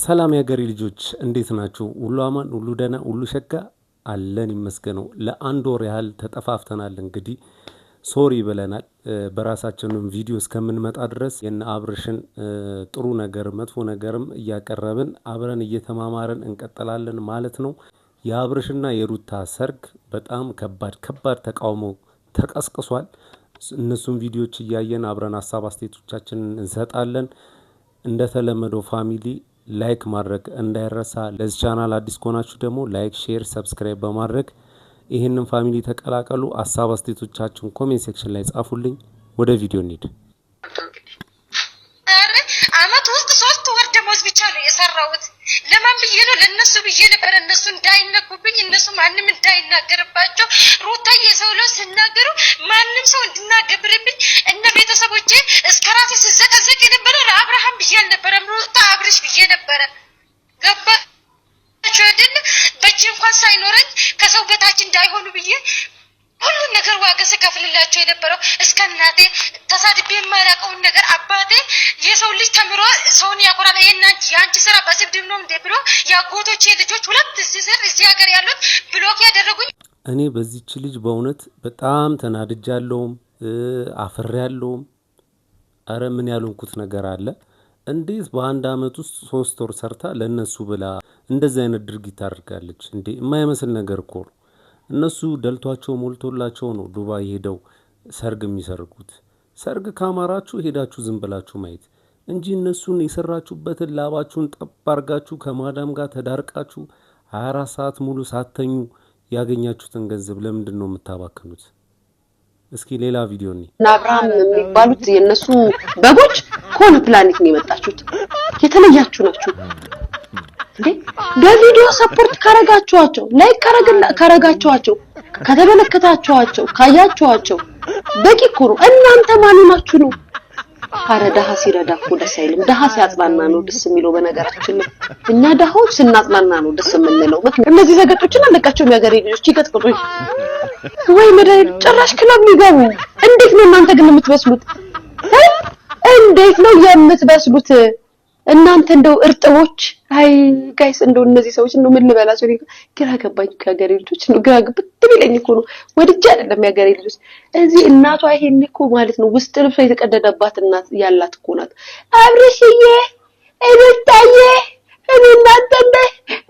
ሰላም የሀገሬ ልጆች እንዴት ናችሁ? ሁሉ አማን፣ ሁሉ ደህና፣ ሁሉ ሸጋ አለን ይመስገነው። ለአንድ ወር ያህል ተጠፋፍተናል። እንግዲህ ሶሪ ብለናል። በራሳችንም ቪዲዮ እስከምንመጣ ድረስ የነ አብርሽን ጥሩ ነገር መጥፎ ነገርም እያቀረብን አብረን እየተማማረን እንቀጥላለን ማለት ነው። የአብርሽና የሩታ ሰርግ በጣም ከባድ ከባድ ተቃውሞ ተቀስቅሷል። እነሱን ቪዲዮዎች እያየን አብረን ሀሳብ አስተያየቶቻችንን እንሰጣለን። እንደተለመደው ፋሚሊ ላይክ ማድረግ እንዳይረሳ። ለዚህ ቻናል አዲስ ከሆናችሁ ደግሞ ላይክ፣ ሼር፣ ሰብስክራይብ በማድረግ ይህንን ፋሚሊ ተቀላቀሉ። ሀሳብ አስተያየቶቻችሁን ኮሜንት ሴክሽን ላይ ጻፉልኝ። ወደ ቪዲዮ እንሂድ። አመት ውስጥ ሶስት ወር ደሞዝ ብቻ ነው የሰራሁት። ለማን ብዬ ነው? ለእነሱ ብዬ ነበር። እነሱ እንዳይነኩብኝ፣ እነሱ ማንም እንዳይናገርባቸው። ሩታ የሰው ለው ስናገሩ ማንም ሰው እንድናገብርብኝ እነ ቤተሰቦቼ እስከ ራሴ ስዘቀዘቅ የነበረ ነበረ። ገባችሁ አይደል? በእጅ እንኳን ሳይኖረኝ ከሰው በታች እንዳይሆኑ ብዬ ሁሉን ነገር ዋጋ ስከፍልላቸው የነበረው እስከ እናቴ ተሳድቤ የማያውቀውን ነገር አባቴ የሰው ልጅ ተምሮ ሰውን ያኮራል። የናንቺ የአንቺ ስራ በስድብ ነው እንዴ ብሎ የአጎቶቼ ልጆች ሁለት ስር እዚህ ሀገር ያሉት ብሎክ ያደረጉኝ። እኔ በዚች ልጅ በእውነት በጣም ተናድጃለሁም አፍሬያለሁም። አረ ምን ያልሆንኩት ነገር አለ እንዴት በአንድ አመት ውስጥ ሶስት ወር ሰርታ ለእነሱ ብላ እንደዚህ አይነት ድርጊት ታደርጋለች እንዴ? የማይመስል ነገር እኮ ነው። እነሱ ደልቷቸው ሞልቶላቸው ነው ዱባይ ሄደው ሰርግ የሚሰርጉት። ሰርግ ካማራችሁ ሄዳችሁ ዝም ብላችሁ ማየት እንጂ እነሱን የሰራችሁበትን ላባችሁን ጠብ አድርጋችሁ ከማዳም ጋር ተዳርቃችሁ 24 አራት ሰዓት ሙሉ ሳተኙ ያገኛችሁትን ገንዘብ ለምንድን ነው የምታባክኑት? እስኪ ሌላ ቪዲዮ ኒ እና አብርሃም የሚባሉት የእነሱ በጎች ከሆነ ፕላኔት ነው የመጣችሁት። የተለያችሁ ናችሁ። እንዴ? በቪዲዮ ሰፖርት ካረጋችኋቸው፣ ላይክ ካረጋችኋቸው፣ ከተመለከታችኋቸው፣ ካያችኋቸው በቂ እኮ ነው። እናንተ ማን ሆናችሁ ነው አረ ደሃ ሲረዳ እኮ ደስ አይልም። ደሃ ሲያጽናና ነው ደስ የሚለው። በነገራችን ላይ እኛ ደሃው ስናጽናና ነው ደስ የምንለው። እነዚህ ዘገጦችን አለቃቸው የሚያገር ልጆች ይቀጥቅጡኝ ወይ መድኃኒቱ ጭራሽ ክለብ የሚገቡ እንዴት ነው እናንተ ግን የምትበስሉት? እንዴት ነው የምትበስሉት? እናንተ እንደው እርጥቦች አይ ጋይስ እንደው እነዚህ ሰዎች እንደው ምን ልበላቸው ግራ ገባኝ። ከሀገሬ ልጆች ነው ግራ ግብት ቢለኝ እኮ ነው ወድጄ አይደለም የሀገሬ ልጆች። እዚህ እናቷ ይሄን እኮ ማለት ነው ውስጥ ልብሷ የተቀደደባት እናት ያላት እኮ ናት። አብርሽዬ እንታዬ እኔ እናንተ እንደ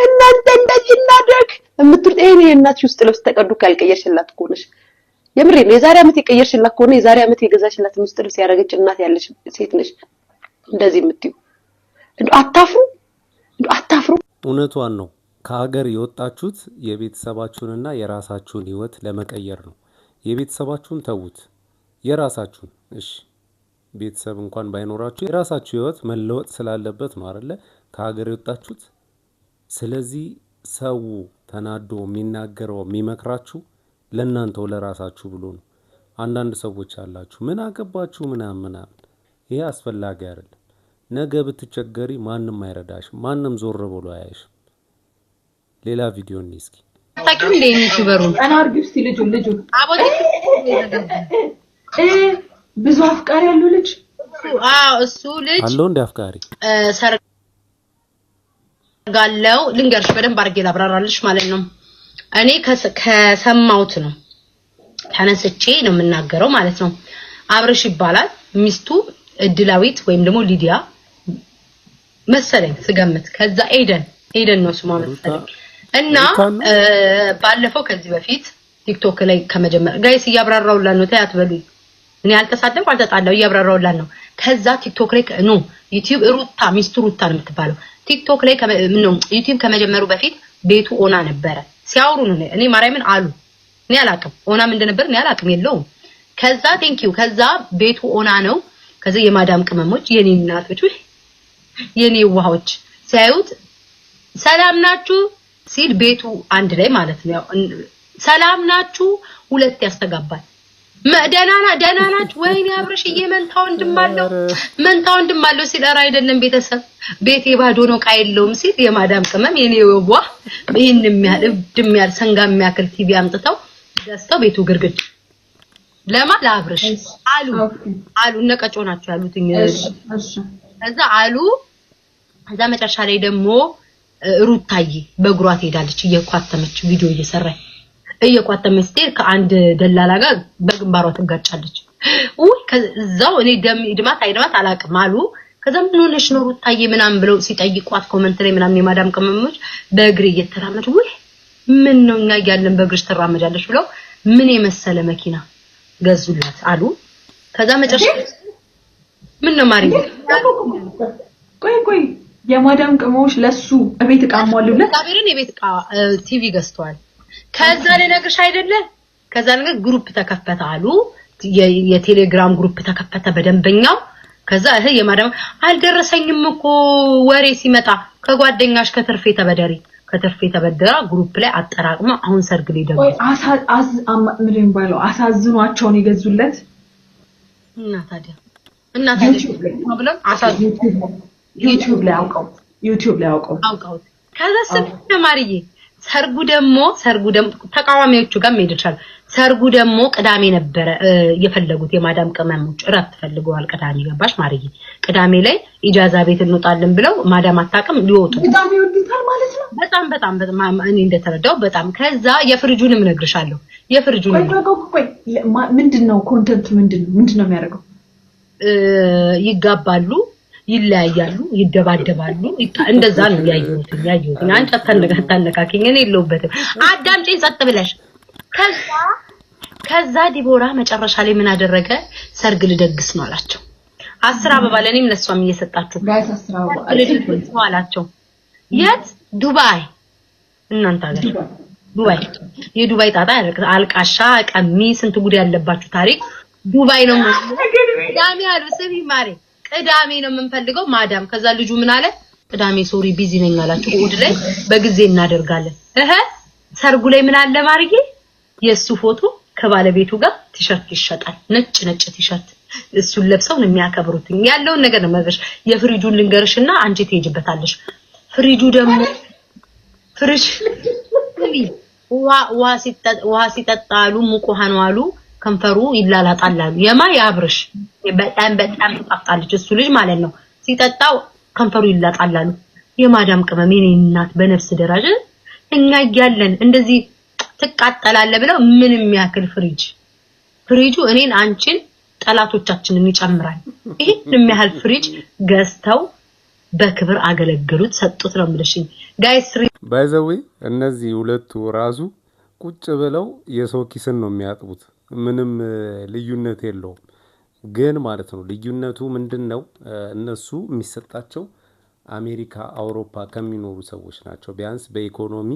እናንተ እንደዚህ እናድርግ የምትሉት ይሄን የእናትሽ ውስጥ ልብስ ተቀዱ ካልቀየርሽላት እኮ ነሽ። የምሬ ነው። የዛሬ ዓመት የቀየርሽላት ከሆነ የዛሬ አመት የገዛሽላት ውስጥ ልብስ ያደረገች እናት ያለሽ ሴት ነሽ እንደዚህ የምትይው እንዶ አታፍሩ፣ እንዶ አታፍሩ። እውነቷን ነው። ከሀገር የወጣችሁት የቤተሰባችሁንና የራሳችሁን ህይወት ለመቀየር ነው። የቤተሰባችሁን ተዉት፣ የራሳችሁን እሺ። ቤተሰብ እንኳን ባይኖራችሁ የራሳችሁ ህይወት መለወጥ ስላለበት ነው አይደለ ከሀገር የወጣችሁት። ስለዚህ ሰው ተናዶ የሚናገረው የሚመክራችሁ ለእናንተው ለራሳችሁ ብሎ ነው። አንዳንድ ሰዎች አላችሁ ምን አገባችሁ ምናምን ምናምን፣ ይሄ አስፈላጊ አይደለም። ነገ ብትቸገሪ ማንም አይረዳሽ፣ ማንም ዞር ብሎ አያሽ። ሌላ ቪዲዮ እንይ እስኪ። ታቂም ለኔ ዩቲዩበሩን አናርግብስ ልጅ ልጅ አቦቲ እ ብዙ አፍቃሪ ያለው ልጅ አዎ፣ እሱ ልጅ አለው እንደ አፍቃሪ ሰርጋለው። ልንገርሽ በደንብ አድርጌ ላብራራልሽ ማለት ነው። እኔ ከሰማሁት ነው ተነስቼ ነው የምናገረው ማለት ነው። አብርሽ ይባላል ሚስቱ እድላዊት ወይም ደግሞ ሊዲያ መሰለኝ ስገምት። ከዛ ኤደን ኤደን ነው ስሟ መሰለኝ። እና ባለፈው ከዚህ በፊት ቲክቶክ ላይ ከመጀመር ጋይስ እያብራራውላን ነው። ተይ አትበሉኝ። እኔ አልተሳደብኩ አልተጣላሁ። እያብራራውላን ነው። ከዛ ቲክቶክ ላይ ኖ ዩቲዩብ ሩታ ሚስቱ ሩታ ነው የምትባለው። ቲክቶክ ላይ ነው ዩቲዩብ ከመጀመሩ በፊት ቤቱ ኦና ነበረ። ሲያወሩ ነው እኔ ማርያምን አሉ። እኔ አላቅም ኦናም እንደነበር እኔ አላቅም የለውም። ከዛ ቴንኪዩ ከዛ ቤቱ ኦና ነው። ከዛ የማዳም ቅመሞች የኔ እናቶች የኔ ውሃዎች ሲያዩት ሰላም ናችሁ ሲል ቤቱ አንድ ላይ ማለት ነው። ሰላም ናችሁ ሁለት ያስተጋባል። ደናና ደናናች ወይኔ አብረሽዬ መንታ ወንድም አለው መንታ ወንድም ሲል ኧረ አይደለም ቤተሰብ ቤቴ ባዶ ነው ዕቃ የለውም ሲል የማዳም ቅመም የኔ ወቧ ይሄን የሚያል ድም ያል ሰንጋ የሚያክል ቲቪ አምጥተው ደስተው ቤቱ ግርግድ ለማ ለአብረሽ አሉ አሉ እነ ቀጮ ናቸው ያሉት ከዛ አሉ ከዛ መጨረሻ ላይ ደግሞ ሩታዬ በእግሯ ትሄዳለች እየኳተመች ቪዲዮ እየሰራች እየኳተመች ስትሄድ ከአንድ ደላላ ጋር በግንባሯ ትጋጫለች። ውይ ከዛው እኔ ደም ይድማት አይድማት አላውቅም አሉ። ከዛ ምን ሆነሽ ነው ሩታዬ ምናምን ብለው ሲጠይቋት ኮመንት ላይ ምናምን የማዳም ቅመሞች በእግር እየተራመደች ውይ ምን ነው እኛ እያለን በእግርሽ ትራመጃለች ብለው ምን የመሰለ መኪና ገዙላት አሉ። ከዛ መጨረሻ ምን ነው ማሪ ቆይ ቆይ የማዳም ቅመሞች ለሱ ቤት እቃ ሟሉ ለታብርን የቤት እቃ ቲቪ ገዝቷል። ከዛ ልነግርሽ አይደለ ከዛ ነገር ግሩፕ ተከፈተ አሉ። የቴሌግራም ግሩፕ ተከፈተ በደንበኛው። ከዛ እህ የማዳም አልደረሰኝም እኮ ወሬ ሲመጣ ከጓደኛሽ ከትርፌ ተበደሪ ከትርፌ ተበደራ ግሩፕ ላይ አጠራቅማ አሁን ሰርግ ላይ ደግሞ አሳ አዝ አሳዝኗቸውን የገዙለት እና ታዲያ እና ዩቲዩብ ላይ አውቀው ዩቲዩብ ላይ አውቀው አውቀው ከዛ ሰርጉ ደግሞ ሰርጉ ደግሞ ተቃዋሚዎቹ ጋር መሄድ ይችላል። ሰርጉ ደግሞ ቅዳሜ ነበረ የፈለጉት የማዳም ቅመሞች እረፍት ፈልገዋል። ቅዳሜ ገባሽ ማርዬ? ቅዳሜ ላይ ኢጃዛ ቤት እንወጣለን ብለው ማዳም አታውቅም ሊወጡ በጣም በጣም በጣም እኔ እንደተረዳው በጣም ከዛ የፍርጁንም እነግርሻለሁ። የፍርጁን ምንድን ነው ኮንተንቱ ምንድን ነው ምንድን ነው የሚያደርገው ይጋባሉ፣ ይለያያሉ፣ ይደባደባሉ። እንደዛ ነው ያየሁት ያየሁት። አንቺ አታነካኪኝ፣ እኔ የለሁበትም። አዳምጪኝ ጸጥ ብለሽ። ከዛ ከዛ ዲቦራ መጨረሻ ላይ ምን አደረገ? ሰርግ ልደግስ ነው አላቸው። አስር አበባ ለእኔም ለእሷም እየሰጣችሁ ልደግስ ነው አላቸው። የት ዱባይ እናንተ አገር ዱባይ የዱባይ ጣጣ አልቃሻ ቀሚ ስንት ጉድ ያለባችሁ ታሪክ ዱባይ ነው። ቅዳሜ አልብስም ይማሪ ቅዳሜ ነው የምንፈልገው ማዳም። ከዛ ልጁ ምን አለ? ቅዳሜ ሶሪ ቢዚ ነኝ አላችሁ። እሑድ ላይ በጊዜ እናደርጋለን። እህ ሰርጉ ላይ ምን አለ ማርጌ? የሱ ፎቶ ከባለቤቱ ጋር ቲሸርት ይሸጣል። ነጭ ነጭ ቲሸርት እሱን ለብሰው ነው የሚያከብሩት። ያለውን ነገር ነው መገርሽ። የፍሪጁን ልንገርሽና አንቺ ትሄጂበታለሽ። ፍሪጁ ደግሞ ፍሪጅ ውሃ ሲጠጣሉ ሙቅ ውሃ ነው አሉ ከንፈሩ ይላላጣላሉ የማ የአብርሽ በጣም በጣም ትጣፍጣለች እሱ ልጅ ማለት ነው። ሲጠጣው ከንፈሩ ይላጣላሉ። የማዳም ቅመም የኔ እናት በነፍስ ደራጅ እኛ እያለን እንደዚህ ትቃጠላለ ብለው ምን የሚያክል ፍሪጅ ፍሪጁ እኔን አንቺን ጠላቶቻችንን ይጨምራል። ይሄን የሚያህል ፍሪጅ ገዝተው በክብር አገለገሉት ሰጡት ነው የምልሽኝ። ጋይስ ባይ እነዚህ ሁለቱ ራሱ ቁጭ ብለው የሰው ኪስን ነው የሚያጥቡት። ምንም ልዩነት የለውም። ግን ማለት ነው ልዩነቱ ምንድን ነው? እነሱ የሚሰጣቸው አሜሪካ፣ አውሮፓ ከሚኖሩ ሰዎች ናቸው። ቢያንስ በኢኮኖሚ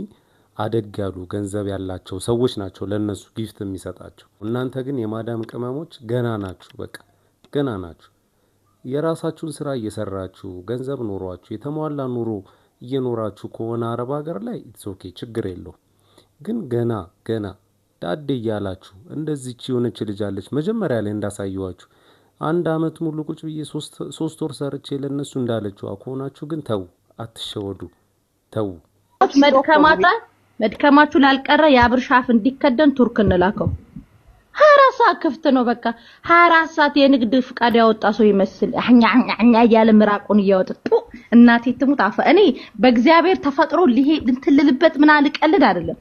አደግ ያሉ ገንዘብ ያላቸው ሰዎች ናቸው ለእነሱ ጊፍት የሚሰጣቸው። እናንተ ግን የማዳም ቅመሞች ገና ናችሁ፣ በቃ ገና ናችሁ። የራሳችሁን ስራ እየሰራችሁ ገንዘብ ኖሯችሁ የተሟላ ኑሮ እየኖራችሁ ከሆነ አረብ ሀገር ላይ ኢትስ ኦኬ ችግር የለውም። ግን ገና ገና ዳዴ እያላችሁ እንደዚች የሆነች ልጃለች መጀመሪያ ላይ እንዳሳየዋችሁ አንድ አመት ሙሉ ቁጭ ብዬ ሶስት ወር ሰርቼ ለእነሱ እንዳለችው ከሆናችሁ ግን ተው፣ አትሸወዱ፣ ተው። መድከማታ መድከማችሁ ላልቀረ የአብር ሻፍ እንዲከደን ቱርክ እንላከው። ሀያ አራት ሰዓት ክፍት ነው። በቃ ሀያ አራት ሰዓት የንግድ ፍቃድ ያወጣ ሰው ይመስል ኛ እያለ ምራቁን እያወጥጡ እናቴ ትሙት አፈ እኔ በእግዚአብሔር ተፈጥሮ ልሄድ እንትን ልልበት ልቀልድ አይደለም።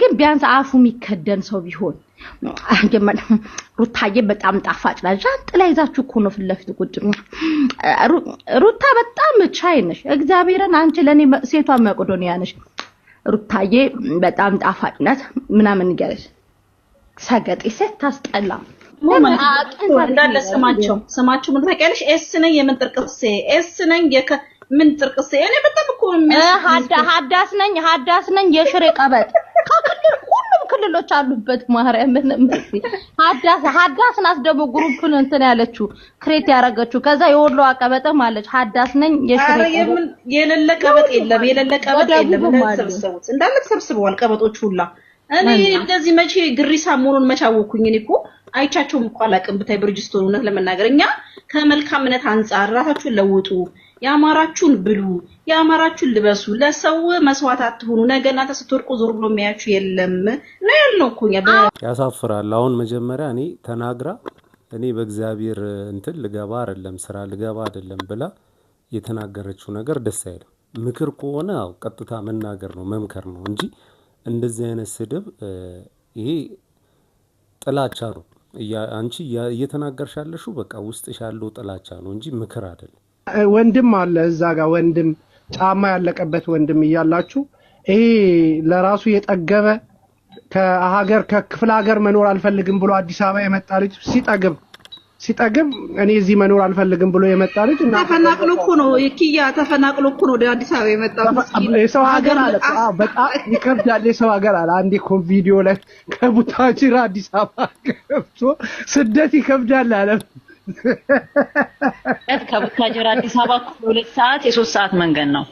ግን ቢያንስ አፉ የሚከደን ሰው ቢሆን ሩታዬ በጣም ጣፋጭ ናት። ዣንጥላ ይዛችሁ እኮ ነው ፊት ለፊት ቁጭ። ሩታ በጣም ቻይ ነሽ። እግዚአብሔርን አንቺ ለእኔ ሴቷ መቄዶንያ ነሽ። ሩታዬ በጣም ጣፋጭ ናት ምናምን እያለች ሰገጤ ሴት ታስጠላ። እንዳለ ስማቸው ስማቸው ምን ታውቂያለሽ? ኤስ ነኝ የምን ጥርቅሴ ኤስ ነኝ የከ ምን ጥርቅሴ። እኔ በጣም እኮ ሀዳስ ነኝ ሀዳስ ነኝ የሽሬ ቀበጥ ወንድሎች አሉበት። ማርያምን ሀዳስ ሀዳስ ናት ደግሞ ግሩፕን እንትን ያለችው ክሬት ያደረገችው። ከዛ የወሎ ቀበጥም አለች ሀዳስ ነኝ። የሌለ ቀበጥ የለም፣ የሌለ ቀበጥ የለም። ተሰብስቡት እንዳለ ተሰብስበዋል ቀበጦች ሁላ። እኔ እንደዚህ መቼ ግሪሳ መሆኑን መቻወኩኝ። እኔ እኮ አይቻቸውም እኮ አላውቅም። ብታይ ብርጅስቶን እውነት ለመናገር እኛ ከመልካምነት አንጻር ራሳችሁን ለውጡ የአማራችሁን ብሉ፣ የአማራችሁን ልበሱ፣ ለሰው መስዋዕት አትሆኑ። ነገ እናንተ ስትወርቁ ዞር ብሎ የሚያችሁ የለም ነው ያልነው እኮ እኛ። ያሳፍራል። አሁን መጀመሪያ እኔ ተናግራ እኔ በእግዚአብሔር እንትን ልገባ አይደለም ስራ ልገባ አይደለም ብላ የተናገረችው ነገር ደስ አይልም። ምክር ከሆነ ያው ቀጥታ መናገር ነው መምከር ነው እንጂ እንደዚህ አይነት ስድብ ይሄ ጥላቻ ነው። አንቺ እየተናገርሻለሹ በቃ ውስጥሽ ያለው ጥላቻ ነው እንጂ ምክር አይደለም። ወንድም አለ እዛ ጋር ወንድም ጫማ ያለቀበት ወንድም እያላችሁ ይሄ ለራሱ የጠገበ ከሀገር ከክፍለ ሀገር መኖር አልፈልግም ብሎ አዲስ አበባ የመጣ ልጅ ሲጠግብ ሲጠግብ እኔ እዚህ መኖር አልፈልግም ብሎ የመጣ ልጅ ተፈናቅሎ እኮ ነው የኪያ ተፈናቅሎ እኮ ነው ወደ አዲስ አበባ የመጣው። የሰው ሀገር አለ፣ በጣም ይከብዳል። የሰው ሀገር አለ። አንዴ እኮ ቪዲዮ ላይ ከቡታጅራ አዲስ አበባ ገብቶ ስደት ይከብዳል አለ። ከቡታጀራ አዲስ አበባ ሁለት ሰዓት የሶስት ሰዓት መንገድ ነው።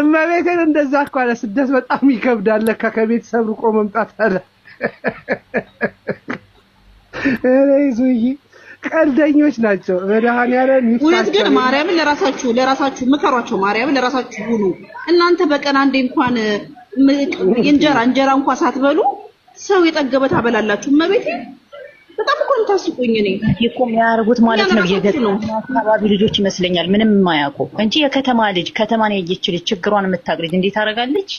እመቤቴን እንደዛ እኮ አለ። ስደት በጣም ይከብዳል ለካ ከቤተሰብ ርቆ መምጣት አለ። ኧረ ቀልደኞች ናቸው። መድኃኒዓለም እውነት ግን ማርያምን ለራሳችሁ ለራሳችሁ ምከሯቸው። ማርያምን ለራሳችሁ ሁኑ። እናንተ በቀን አንዴ እንኳን እንጀራ እንጀራ እንኳን ሳትበሉ ሰው የጠገበ ታበላላችሁ። እመቤቴ በጣም እኮ የምታስቁኝ እኔ እኮ የሚያደርጉት ማለት ነው የገጠር አካባቢ ልጆች ይመስለኛል ምንም የማያውቁ እንጂ የከተማ ልጅ ከተማን ያየች ልጅ ችግሯን የምታውቅ ልጅ እንዴት አደርጋለች?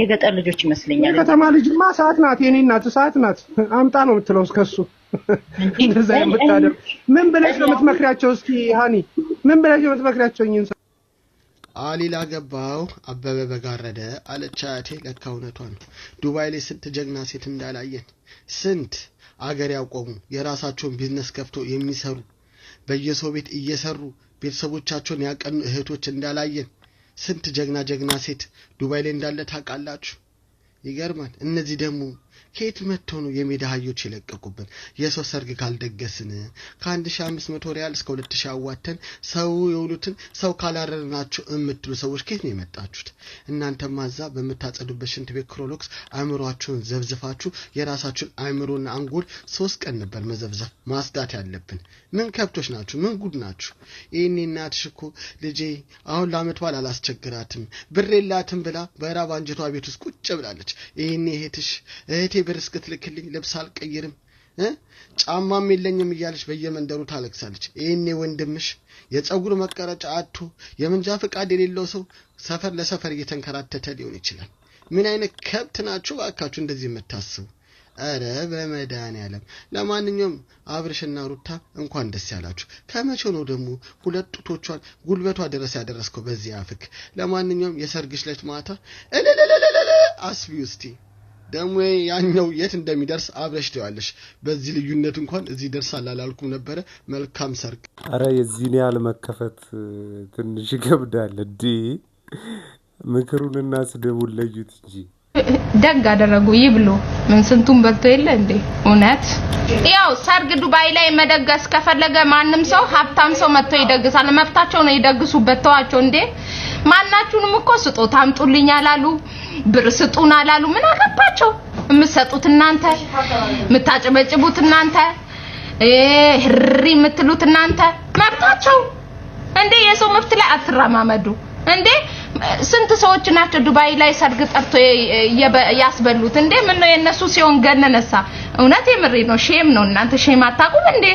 የገጠር ልጆች ይመስለኛል። የከተማ ልጅማ ሰዓት ናት፣ የኔ እናት ሰዓት ናት። አምጣ ነው የምትለው እስከሱ እንደዛ የምታደርግ ምን ብለሽ ነው የምትመክሪያቸው? እስኪ ሀኒ ምን ብለሽ ነው የምትመክሪያቸው? እኝን አሊላ ገባው አበበ በጋረደ አለች አያቴ። ለካ እውነቷን ነው። ዱባይ ላይ ስንት ጀግና ሴት እንዳላየን ስንት አገር ያቆሙ የራሳቸውን ቢዝነስ ከፍቶ የሚሰሩ በየሰው ቤት እየሰሩ ቤተሰቦቻቸውን ያቀኑ እህቶች እንዳላየን ስንት ጀግና ጀግና ሴት ዱባይ ላይ እንዳለ ታውቃላችሁ። ይገርማል። እነዚህ ደግሞ ከየት መጥቶ ነው የሜዳ አህዮች የለቀቁብን? የሰው ሰርግ ካልደገስን ከአንድ ሺ አምስት መቶ ሪያል እስከ ሁለት ሺ አዋተን ሰው የውሉትን ሰው ካላረርናቸው የምትሉ ሰዎች ከየት ነው የመጣችሁት? እናንተማ እዛ በምታጸዱበት ሽንት ቤት ክሮሎክስ አእምሯችሁን ዘብዝፋችሁ የራሳችሁን አእምሮና አንጎል ሶስት ቀን ነበር መዘብዘፍ ማስዳት ያለብን። ምን ከብቶች ናችሁ? ምን ጉድ ናችሁ? ይህኔ እናትሽ እኮ ልጄ አሁን ለአመት በዓል አላስቸግራትም ብሬላትም ብላ በራብ አንጀቷ ቤት ውስጥ ቁጭ ብላለች። ይህኔ እህትሽ እህት ቤቴ ብር እስክትልክልኝ ልብስ አልቀይርም ጫማም የለኝም እያለች በየመንደሩ ታለቅሳለች። ይህኔ ወንድምሽ የፀጉር መቀረጫ አቶ የመንጃ ፈቃድ የሌለው ሰው ሰፈር ለሰፈር እየተንከራተተ ሊሆን ይችላል። ምን አይነት ከብት ናችሁ እባካችሁ እንደዚህ የምታስቡ? እረ በመድኃኒዓለም ለማንኛውም አብርሽና ሩታ እንኳን ደስ ያላችሁ። ከመቼ ነው ደግሞ ሁለት ጡቶቿን ጉልበቷ ድረስ ያደረስከው በዚህ አፍክ? ለማንኛውም የሰርግሽ ዕለት ማታ እልልልልልል አስቢ ደግሞ ያኛው የት እንደሚደርስ አብረሽ ትዋለሽ። በዚህ ልዩነት እንኳን እዚህ ደርሳል አላልኩም ነበረ። መልካም ሰርግ። አረ የዚህን ያህል መከፈት ትንሽ ይገብዳል። እንዲ ምክሩንና ስድቡን ለዩት እንጂ ደግ አደረጉ። ብሎ ምን ስንቱን በልቶ የለ እንዴ? እውነት ያው ሰርግ ዱባይ ላይ መደገስ ከፈለገ ማንም ሰው ሀብታም ሰው መጥቶ ይደግሳል። መብታቸው ነው፣ ይደግሱበት። ተዋቸው እንዴ ማናችሁንም እኮ ስጦታ አምጡልኝ አላሉ፣ ብር ስጡን አላሉ። ምን አገባቸው? የምትሰጡት እናንተ፣ የምታጨበጭቡት እናንተ፣ ህሪ የምትሉት እናንተ። መብታቸው እንዴ! የሰው መብት ላይ አትረማመዱ እንዴ! ስንት ሰዎች ናቸው ዱባይ ላይ ሰርግ ጠርቶ ያስበሉት? እንዴ ምን ነው የነሱ ሲሆን ገነነሳ። እውነት የምሬ ነው። ሼም ነው። እናንተ ሼም አታውቁም እንዴ?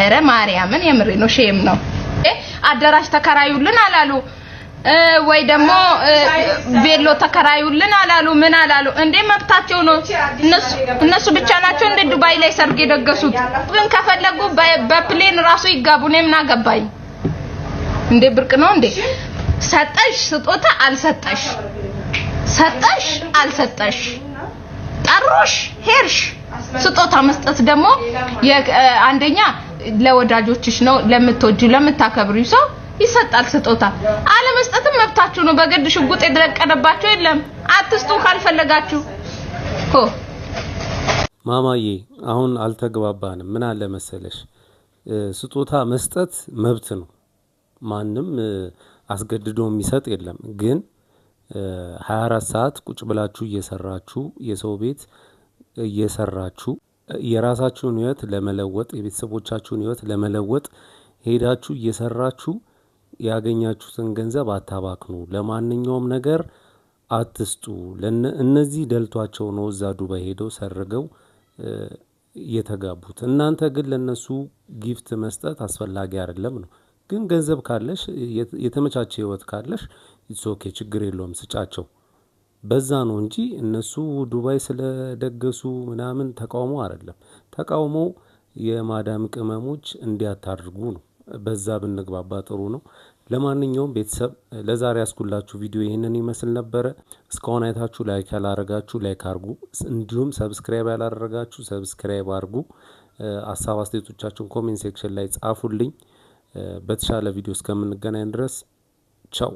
ኧረ ማርያምን የምሬ ነው። ሼም ነው። አዳራሽ ተከራዩልን አላሉ። ወይ ደግሞ ቤሎ ተከራዩልን አላሉ፣ ምን አላሉ? እንዴ መብታቸው ነው። እነሱ እነሱ ብቻ ናቸው እንደ ዱባይ ላይ ሰርግ የደገሱት። ግን ከፈለጉ በፕሌን ራሱ ይጋቡ። እኔ ምን አገባኝ እንዴ? ብርቅ ነው እንዴ? ሰጠሽ ስጦታ አልሰጠሽ፣ ሰጠሽ አልሰጠሽ፣ ጠሮሽ ሄርሽ። ስጦታ መስጠት ደግሞ አንደኛ ለወዳጆችሽ ነው፣ ለምትወጂው ለምታከብሪው ሰው ይሰጣል ስጦታ። አለመስጠትም መብታችሁ ነው። በግድ ሽጉጥ የተለቀደባችሁ የለም። አትስጡ ካልፈለጋችሁ እኮ። ማማዬ አሁን አልተግባባንም። ምን አለ መሰለሽ ስጦታ መስጠት መብት ነው። ማንም አስገድዶ የሚሰጥ የለም። ግን 24 ሰዓት ቁጭ ብላችሁ እየሰራችሁ የሰው ቤት እየሰራችሁ የራሳችሁን ህይወት ለመለወጥ የቤተሰቦቻችሁን ህይወት ለመለወጥ ሄዳችሁ እየሰራችሁ ያገኛችሁትን ገንዘብ አታባክኑ። ለማንኛውም ነገር አትስጡ። እነዚህ ደልቷቸው ነው እዛ ዱባይ ሄደው ሰርገው የተጋቡት። እናንተ ግን ለነሱ ጊፍት መስጠት አስፈላጊ አይደለም ነው። ግን ገንዘብ ካለሽ የተመቻቸ ህይወት ካለሽ ኢትስ ኦኬ፣ ችግር የለውም ስጫቸው። በዛ ነው እንጂ እነሱ ዱባይ ስለደገሱ ምናምን ተቃውሞ አይደለም። ተቃውሞ የማዳም ቅመሞች እንዲያታድርጉ ነው። በዛ ብንግባባ ጥሩ ነው። ለማንኛውም ቤተሰብ ለዛሬ ያስኩላችሁ ቪዲዮ ይህንን ይመስል ነበረ። እስካሁን አይታችሁ ላይክ ያላረጋችሁ ላይክ አርጉ፣ እንዲሁም ሰብስክራይብ ያላረጋችሁ ሰብስክራይብ አርጉ። ሀሳብ አስተያየቶቻችሁን ኮሜንት ሴክሽን ላይ ጻፉልኝ። በተሻለ ቪዲዮ እስከምንገናኝ ድረስ ቻው።